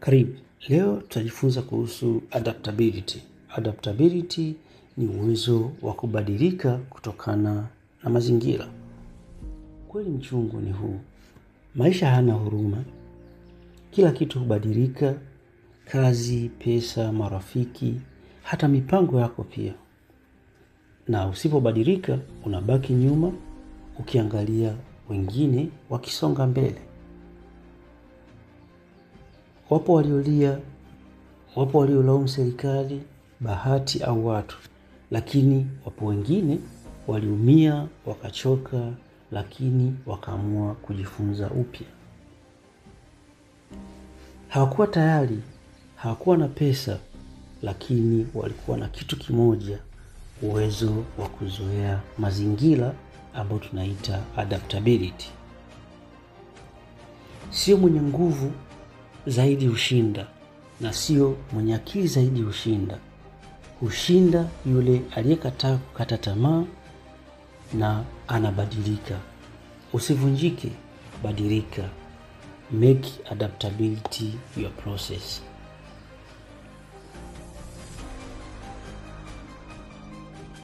Karibu. Leo tutajifunza kuhusu adaptability. Adaptability ni uwezo wa kubadilika kutokana na mazingira. Kweli mchungu ni huu, maisha hana huruma, kila kitu hubadilika: kazi, pesa, marafiki, hata mipango yako pia. Na usipobadilika, unabaki nyuma ukiangalia wengine wakisonga mbele. Wapo waliolia, wapo waliolaumu serikali, bahati au watu, lakini wapo wengine waliumia, wakachoka, lakini wakaamua kujifunza upya. Hawakuwa tayari, hawakuwa na pesa, lakini walikuwa na kitu kimoja, uwezo wa kuzoea mazingira ambayo tunaita adaptability. Sio mwenye nguvu zaidi hushinda, na sio mwenye akili zaidi hushinda. Hushinda yule aliyekataa kukata tamaa na anabadilika. Usivunjike, badilika. Make adaptability your process.